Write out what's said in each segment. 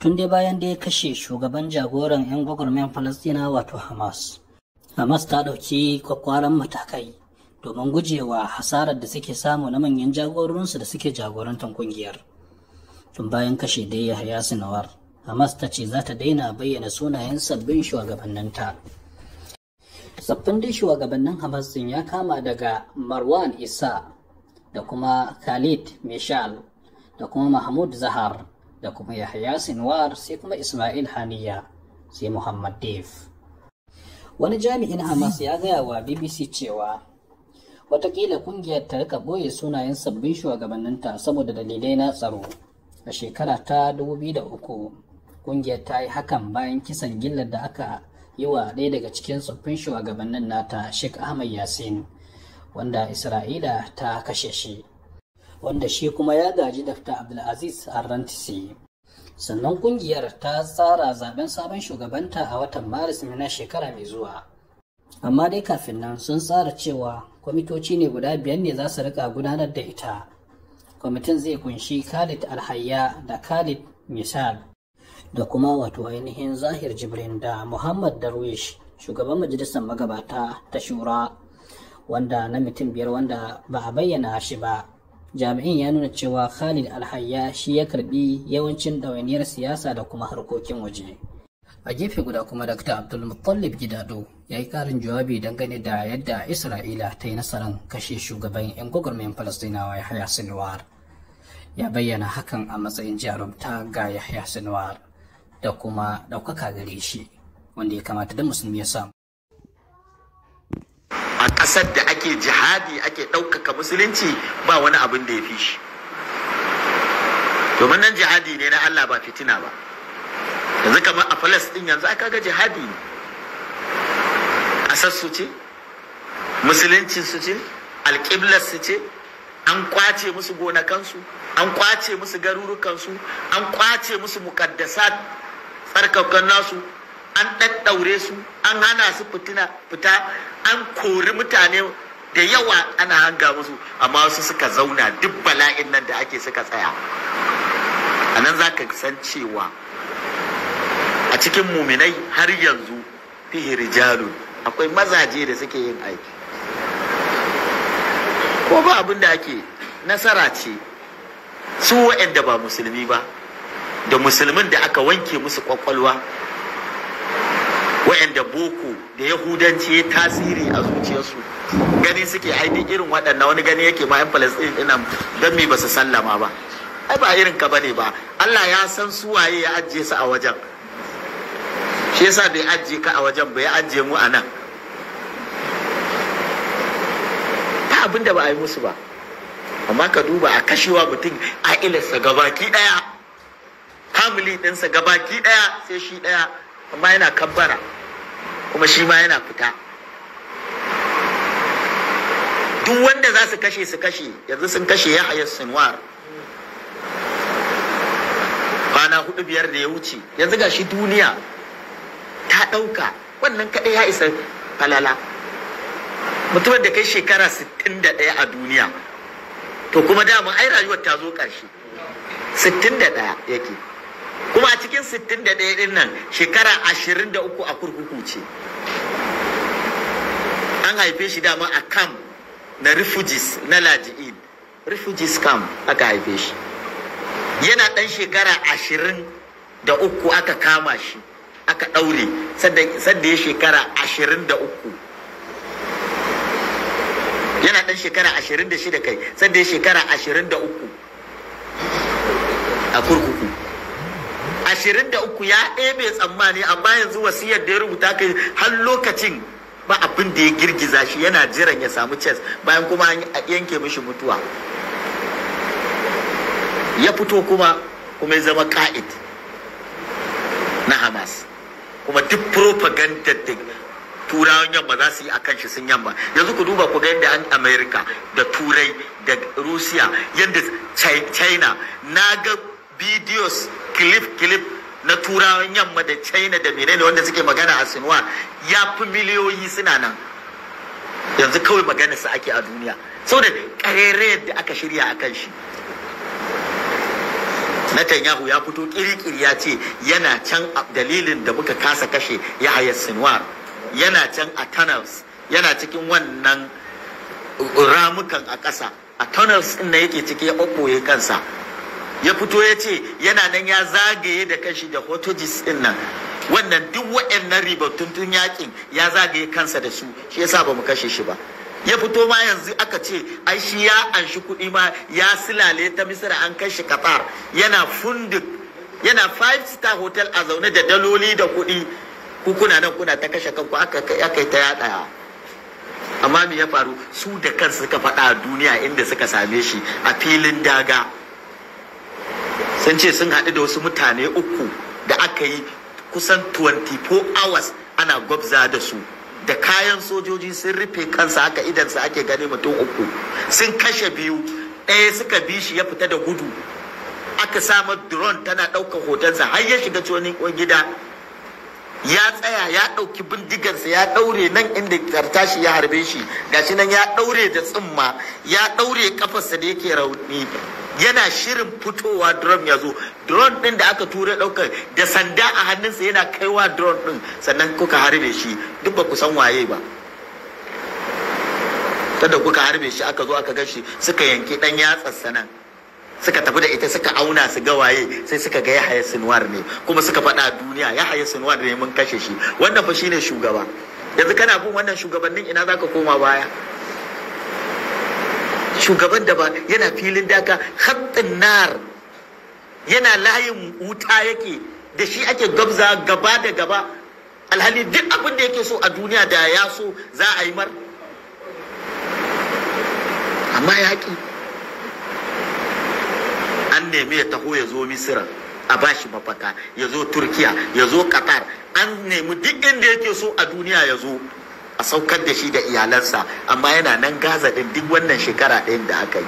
tun dai bayan da ya kashe shugaban jagoran 'yan gwagwarmayan falastina wato hamas hamas ta ɗauki kwakwaran matakai domin gujewa hasarar da suke samu na manyan jagororinsu da suke jagorantar kungiyar tun bayan kashe ya haya sinawar hamas ta ce za ta daina bayyana sunayen sabbin shugabanninta sabbin dai shugabannin hamas din ya kama daga marwan isa da kuma khalid mishal da kuma mahmud zahar da kuma Yahaya Sinwar sai kuma Ismail Haniya sai Muhammad Dave. Wani jami'in Hamas ya gaya wa BBC cewa "Wataƙila ƙungiyar ta rika boye sunayen sabbin shugabanninta saboda dalilai na tsaro. A shekara ta 2003 ƙungiyar ta yi hakan bayan kisan gillar da aka yi wa ɗaya daga cikin tsoffin shugabannin nata Sheikh Ahmad Yasin wanda Isra'ila ta kashe shi. wanda shi kuma ya gaji dafta abdulaziz rantisi. sannan kungiyar ta tsara zaben sabon shugabanta a watan maris na shekara mai zuwa amma dai kafin nan sun tsara cewa kwamitoci ne guda biyar ne za su rika gudanar da ita kwamitin zai kunshi khalid alhayya da khalid misal da kuma wato ainihin zahir jibrin da muhammad darwish shugaban majalisar magabata ta shura wanda na mutum biyar wanda ba a bayyana shi ba jami'in ya nuna cewa khalid alhayya shi ya karbi yawancin ɗawainiyar siyasa da kuma harkokin waje a gefe guda kuma dr muttalib gidado ya yi karin jawabi dangane da yadda isra'ila ta yi nasarar kashe shugaban 'yan gwagwarmayan falastinawa haya sinwar ya bayyana hakan a matsayin jarumta ga yahya sinwar da kuma ɗaukaka gare shi wanda ya kamata da musulmi ya samu Kasar ƙasar da ake jihadi ake ɗaukaka musulunci ba wani abin da ya fi shi domin nan jihadi ne na Allah ba fitina ba yanzu kamar a Falasɗin yanzu aka ga jihadi ne ƙasar su ce musuluncin su ce alƙiblar su ce an kwace musu gonakansu an kwace musu garurukansu an kwace musu muƙaddasa tsarkakan nasu an ɗan ɗaure su an hana su fitina fita an kori mutane da yawa ana hanga musu amma wasu suka zauna duk bala'in nan da ake suka tsaya a nan za ka san cewa a cikin muminai har yanzu fihi rijalun akwai mazaje da suke yin aiki ko ba abin da ake nasara ce su waɗanda ba musulmi ba da musulmin da aka wanke musu kwakwalwa wa'anda boko da yahudanci ya tasiri a zuciyarsu gani suke aidi irin waɗannan wani gani yake ma yan palestine dinan don me ba su sallama ba ai ba irin ka ba ne ba Allah ya san su waye ya ajiye su a wajen shi yasa bai ajiye ka a wajen bai ajiye mu a nan ta abin da ba a yi musu ba amma ka duba a kashewa mutum a ilarsa gabaki ɗaya. hamili ɗinsa gabaki ɗaya, sai shi ɗaya amma yana kabbara kuma shi ma yana fita duk wanda za su kashe su kashe yanzu sun kashe ya hayar sinwar kwana hudu biyar da ya wuce yanzu ga shi duniya ta ɗauka wannan kaɗai ya isa falala mutumin da kai shekara 61 a duniya to kuma dama ai rayuwar ta zo ƙarshe 61 yake kuma a cikin 61 din nan shekara 23 a kurkuku ce an haife shi dama a camp na refugees na laji'in refugees camp aka haife shi yana ɗan shekara 23 aka kama shi aka ɗaure sadda ya shekara 23 yana ɗan shekara 26 kai sadda ya shekara 23 a kurkuku ashirin da uku ya ɗebe tsammani amma yanzu wasiyar da ya rubuta kai har lokacin ba abin da ya girgiza shi yana jiran ya samu chess bayan kuma a yanke mishi mutuwa ya fito kuma kuma ya zama ka'id na hamas kuma duk propaganda da turawan yamma za su yi akan shi sun yamma yanzu ku duba ku ga yadda an amerika da turai da rusiya yadda china na ga videos clip-clip na turawan yamma da china da menene wanda suke magana a sinuwa ya fi miliyoyi suna nan yanzu kawai magana su ake a duniya saboda ƙarerayar da aka shirya a kan shi Netanyahu ya fito kirikiri ya ce yana can dalilin da muka kasa kashe ya Yahaya Sinwar yana can a tunnels yana cikin wannan ramukan a ƙasa a tunnels ɗin na yake cike ya ɓoɓɓoye kansa ya fito ya ce yana nan ya zagaye da kashi da hotogis din nan wannan duk waɗannan ribatuntun yakin ya zagaye kansa da su shi yasa ba mu kashe shi ba ya fito ma yanzu aka ce ai shi ya anshi kuɗi ma ya silale ta misira an kai shi qatar yana funduk yana five star hotel a zaune da daloli da kuɗi kukuna kuna nan kuna ta kashe kanku aka kai ta yaɗa amma me ya faru su da kansu suka faɗa a duniya inda suka same shi a filin daga sun ce sun haɗu da wasu mutane uku da aka yi kusan 24 hours ana gwabza da su da kayan sojoji sun rufe kansa haka sa ake gani mutum uku sun kashe biyu ɗaya suka bi shi ya fita da gudu aka samu drone tana ɗaukar hotonsa har ya shiga wani gida ya tsaya ya ɗauki bindigarsa ya ɗaure nan inda kartashi ya harbe shi gashi nan ya ɗaure da tsumma ya ɗaure kafarsa da yake rauni yana shirin fitowa drone ya zo drone din da aka tura ɗaukar da sanda a hannunsa yana kaiwa drone din sannan kuka harbe shi duk ba ku san waye ba tada kuka harbe shi aka zo aka ga shi suka yanki dan yatsar sanan suka tafi da ita suka auna su ga waye sai suka ga yahaya sinwar ne kuma suka faɗa duniya yahaya sinwar ne mun kashe shi wannan fa shine shugaba yanzu kana bin wannan shugabannin ina zaka koma baya shugaban da ba yana filin daka khattin nar yana layin wuta yake da shi ake gabza gaba da gaba alhali duk abin da yake so a duniya da ya so za a yi mar amma an nemi ya taho ya zo misira a bashi mafaka ya zo turkiya ya zo qatar an nemi duk inda yake so a duniya ya zo a saukar da shi da iyalansa amma yana nan gaza din duk wannan shekara ɗayan da aka yi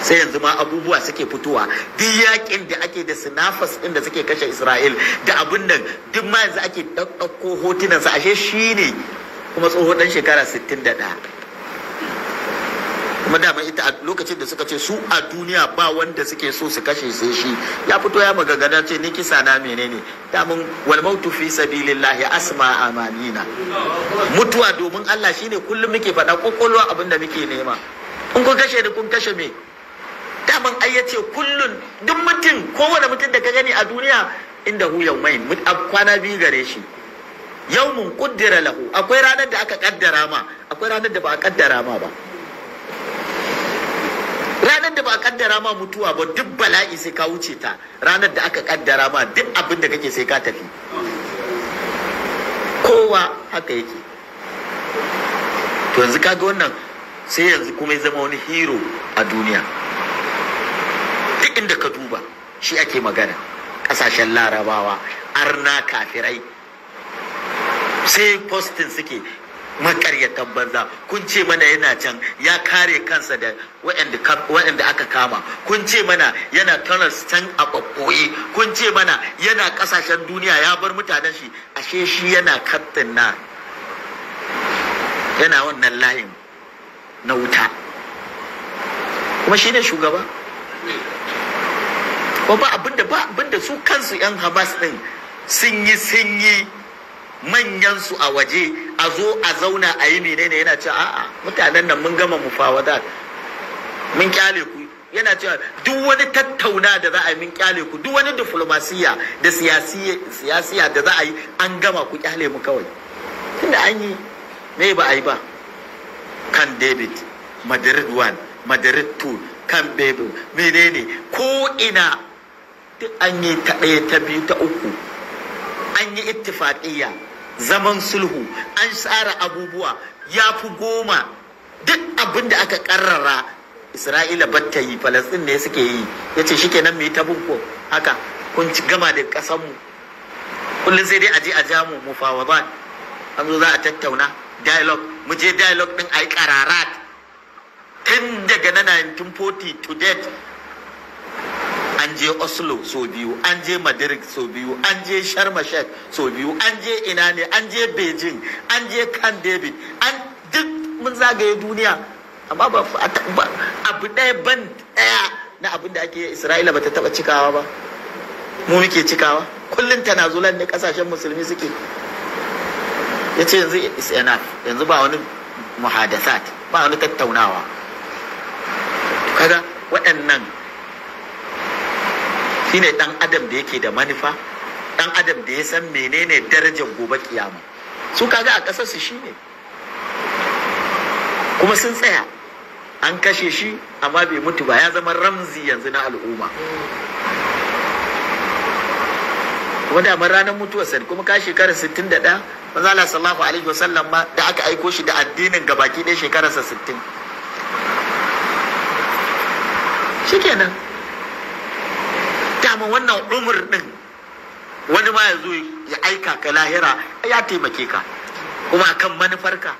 sai yanzu ma abubuwa suke fitowa duk yakin da ake da sinafas ɗin da suke kashe isra'il da abun nan duk ma yanzu ake ɗauko hotunansa ashe shi ne kuma tsohon ɗan shekara 61 kuma dama ita a lokacin da suka ce su a duniya ba wanda suke so su kashe sai shi ya fito ya magagada ce ni kisa na menene damun wal mautu fi sabilillahi asma amanina mutuwa domin Allah shine kullum muke faɗa kokolwa abin da muke nema in kun kashe ni kun kashe me daman ai yace kullun duk mutum kowane mutum da ka gani a duniya inda hu a kwana biyu gare shi yawmun kuddira lahu akwai ranar da aka kaddara ma akwai ranar da ba a kaddara ma ba ranar da ba a kaddara ma mutuwa ba duk bala'i sai ka wuce ta ranar da aka kaddara ma duk abin da kake sai ka tafi kowa haka yake to yanzu kaga wannan sai yanzu kuma ya zama wani hero a duniya duk inda ka duba shi ake magana kasashen larabawa arna kafirai sai postin suke makaryatan banza kun ce mana yana can ya kare kansa da waɗanda aka kama kun ce mana yana tunnels can a ɓaɓɓoyi kun ce mana yana ƙasashen duniya ya bar mutanen shi ashe shi yana kattin na yana wannan layin na wuta kuma shi ne shugaba ba abinda ba abinda su kansu 'yan hamas ɗin sun yi sun yi manyansu a waje a zo a zauna a yi menene yana cewa a'a mutanen nan mun gama mu mufawadat mun kyale ku yana cewa duk wani tattauna da za a yi mun kyale ku duk wani diflomasiya da siyasiya da za a yi an gama ku kyale mu kawai tunda an yi me ba a yi ba kan david madrid 1 madrid 2 kan mene menene ko ina duk an yi ta ɗaya ta biyu ta uku an yi ittifaƙiyya zaman sulhu an tsara abubuwa ya fi goma duk abin da aka karrara isra'ila batta yi falastin ne suke yi ya ce shi kenan mai tabin ko haka kun gama da ƙasanmu kullum sai dai aje a jamu mu fawadan an zo za a tattauna dialogue mu je dialogue din a yi kararat tun daga na 1940 to date an je oslo so biyu an je madrid so biyu an je sharma so biyu an je ina ne an je beijing an je kan david an duk mun zagaye duniya amma ba abu ɗaya ban ɗaya na abin da ake isra'ila ba ta taɓa cikawa ba mu muke cikawa kullum tana zulan ne kasashen musulmi suke ya ce yanzu is yanzu ba wani muhadasat ba wani tattaunawa kaga waɗannan shine dan adam da yake da manufa dan adam da ya san menene darajar gobe kiyama su kaga a ƙasar su shine kuma sun tsaya an kashe shi amma bai mutu ba ya zama ramzi yanzu na al'umma kuma damar ranar mutuwar sa kuma ka shekarar 61 maza Allah sallallahu alaihi wasallam ma da aka aiko shi da addinin gabaki ɗaya shekararsa 60 shikenan gina wannan umur din wani ma ya zo ya aika ka lahira ya taimake ka kuma manufar manufarka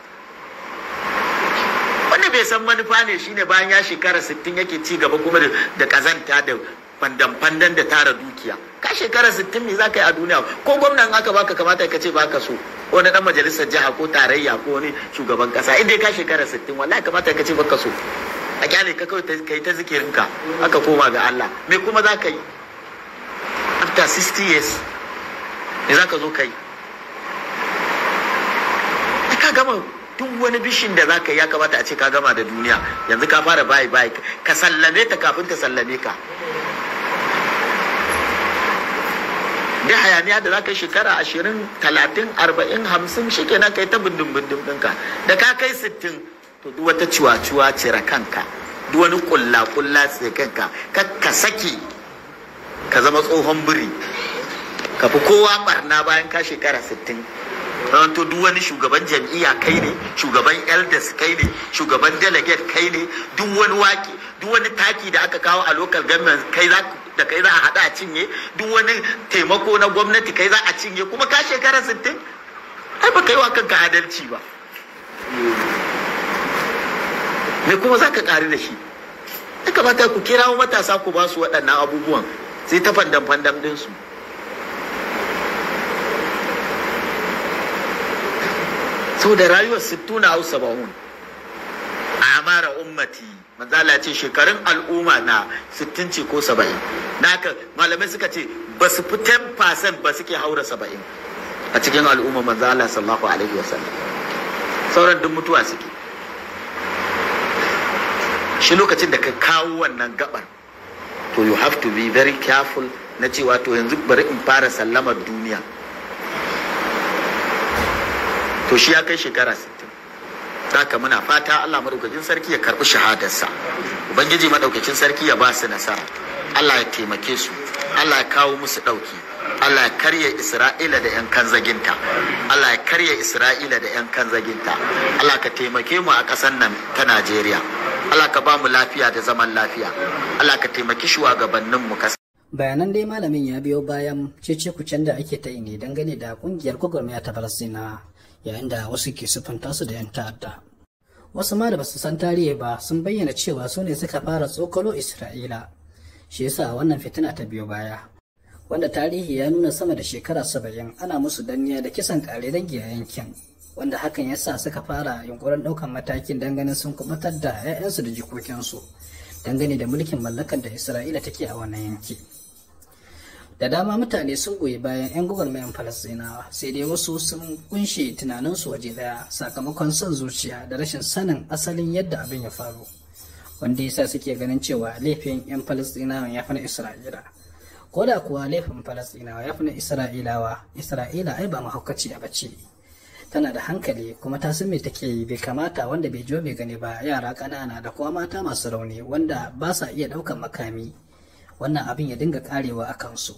wani bai san manufa ne shine bayan ya shekara 60 yake ci gaba kuma da kazanta da fandan-fandan da tara dukiya ka shekara 60 ne za ka yi a duniya ko gwamnan aka baka kamata ka ce baka so wani dan majalisar jiha ko tarayya ko wani shugaban kasa inda ka shekara 60 wallahi kamata ka ce baka so a kyale ka kai ta zikirinka aka koma ga Allah me kuma za ka yi after 60 years ne za ka zo kai ka gama duk wani bishin da za ka yi ya kamata a ce ka gama da duniya yanzu ka fara bayi bayi ka sallame ta kafin ta sallame ka da hayaniya da za ka yi shekara ashirin talatin arba'in hamsin shi kenan ka yi ta bindin bindin ɗinka da ka kai sittin to duk wata ciwa-ciwa cire kanka duk wani ƙulla-ƙulla tsaye kanka ka saki ka zama tsohon biri ka fi kowa barna bayan ka shekara ran to duk wani shugaban jam'iyya kai ne shugaban elders kai ne shugaban delegate kai ne duk wani waki duk wani taki da aka kawo a local government kai za da kai za a hada a cinye duk wani taimako na gwamnati kai za a cinye kuma ka shekara 60 ai ba kai wa kanka adalci ba me kuma za ka ƙari da shi ya kamata ku kirawo matasa ku ba su waɗannan abubuwan sai ta fandan fandan su. so da rayuwar sittuna hau saba'un amara ummati manzala ce shekarun al'umma na sittin ce ko saba'in naka malamai suka ce ba su fi 10% ba suke haura saba'in a cikin al'umma manzala sallahu alaihi wasallam sauran duk mutuwa suke shi lokacin da ka kawo wannan gabar to you have to be very careful na cewa to yanzu bari in fara sallamar duniya to shi ya kai shekara 60 haka muna fata Allah madaukakin sarki ya karbi shahadarsa ubangiji madaukakin sarki ya ba su nasara Allah ya taimake su Allah ya kawo musu ɗauki, Allah ya karya Isra'ila da 'yan kan zaginta Allah ya karya Isra'ila da 'yan kan zaginta Allah ka taimake mu a ƙasar nan ta Najeriya Allah ka ba mu lafiya da zaman lafiya Allah ka taimaki shugabanninmu kasa. bayanan dai malamin ya biyo bayan cece kucen da ake ta ne dangane da kungiyar gwagwarmaya ta falasina yayin da wasu ke sufanta su da 'yan ta'adda wasu ma da basu san tarihi ba sun bayyana cewa su ne suka fara tsokalo isra'ila shi yasa wannan fitina ta biyo baya wanda tarihi ya nuna sama da shekara saba'in ana musu danniya da kisan kare dangi a yankin wanda hakan yasa suka fara yunkurin ɗaukan matakin ganin sun kubutar da 'ya'yansu da jikokinsu dangane da mulkin mallakar da isra'ila take a wannan yanki da dama mutane sun goyi bayan 'yan gwagwarmayan falastinawa sai dai wasu sun kunshe tunaninsu waje daya sakamakon son zuciya da rashin sanin asalin yadda abin ya faru wanda yasa suke ganin cewa laifin 'yan falastinawa ya fi na isra'ila ko da kuwa laifin falastinawa ya fi na isra'ilawa isra'ila ai ba mahaukaci a bace tana da hankali kuma ta san me take yi bai kamata wanda bai jo bai gani ba yara ƙanana da kuma mata masu rauni wanda ba sa iya ɗaukan makami wannan abin ya dinga karewa a kansu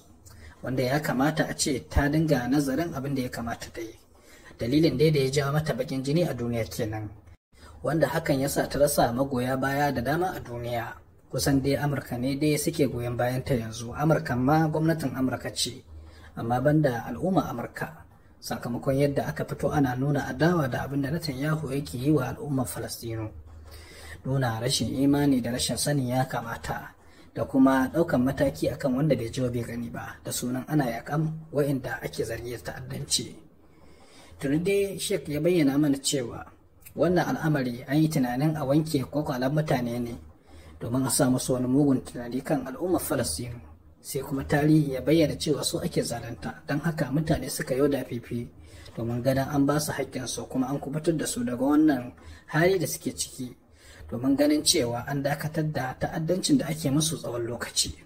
wanda ya kamata a ce ta dinga nazarin abin da ya kamata ta yi dalilin dai da ya jawo mata bakin jini a duniya kenan wanda hakan ya sa ta rasa magoya baya da dama a duniya kusan dai amurka ne dai suke goyon bayan ta yanzu amurka ma gwamnatin amurka ce amma banda al'umma amurka sakamakon yadda aka fito ana nuna adawa da abin da Netanyahu yake yi wa al'ummar Falastinu. Nuna rashin imani da rashin sani ya kamata da kuma ɗaukan mataki akan wanda bai jiwa bai gani ba da sunan ana yakan wa'inda ake zargi da ta'addanci. Tuni dai Sheik ya bayyana mana cewa wannan al'amari an yi tunanin a wanke kwakwalan mutane ne domin a sa musu wani mugun tunani kan al'ummar Falastinu. sai kuma tarihi ya bayyana cewa su ake zalunta don haka mutane suka yau da fifi domin ganin an ba su haƙƙinsu kuma an kubutar da su daga wannan hali da suke ciki domin ganin cewa an dakatar da ta'addancin da ake musu tsawon lokaci